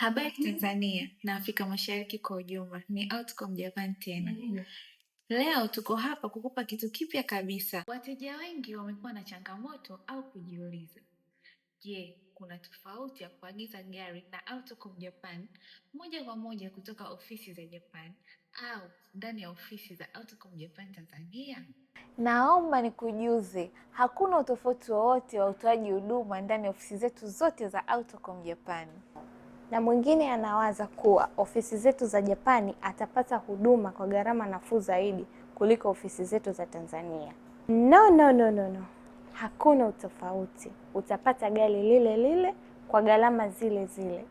Habari mm-hmm. Tanzania na Afrika Mashariki kwa ujumla, ni Outcome Japan tena. Mm-hmm. Leo tuko hapa kukupa kitu kipya kabisa. Wateja wengi wamekuwa na changamoto au kujiuliza, je, kuna tofauti ya kuagiza gari na Outcome Japan moja kwa moja kutoka ofisi za Japan au ndani ya ofisi za Outcome Japan Tanzania? Naomba nikujuze, hakuna utofauti wowote wa utoaji huduma ndani ya ofisi zetu zote za Outcome Japan na mwingine anawaza kuwa ofisi zetu za Japani atapata huduma kwa gharama nafuu zaidi kuliko ofisi zetu za Tanzania. No, no, no, no, no. Hakuna utofauti. Utapata gari lile lile kwa gharama zile zile,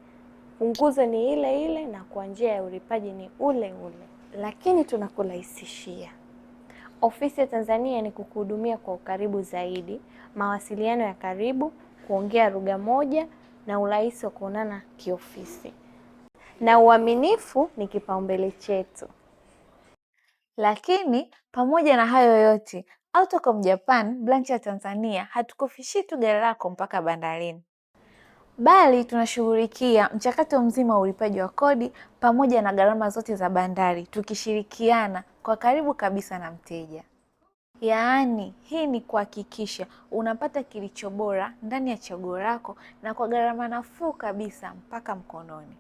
punguzo ni ile ile na kwa njia ya ulipaji ni ule ule, lakini tunakurahisishia. Ofisi ya Tanzania ni kukuhudumia kwa ukaribu zaidi, mawasiliano ya karibu, kuongea lugha moja na urahisi wa kuonana kiofisi, na uaminifu ni kipaumbele chetu. Lakini pamoja na hayo yote, Autocom Japan branch ya Tanzania hatukufishi tu gari lako mpaka bandarini, bali tunashughulikia mchakato mzima wa ulipaji wa kodi pamoja na gharama zote za bandari, tukishirikiana kwa karibu kabisa na mteja. Yaani hii ni kuhakikisha unapata kilicho bora ndani ya chaguo lako na kwa gharama nafuu kabisa mpaka mkononi.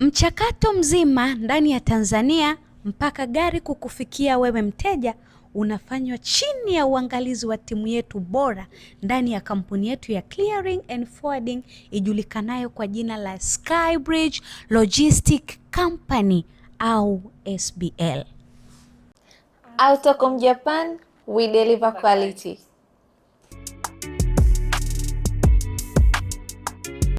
Mchakato mzima ndani ya Tanzania mpaka gari kukufikia wewe mteja unafanywa chini ya uangalizi wa timu yetu bora ndani ya kampuni yetu ya Clearing and Forwarding ijulikanayo kwa jina la Skybridge Logistic Company au SBL. Autocom Japan we deliver quality.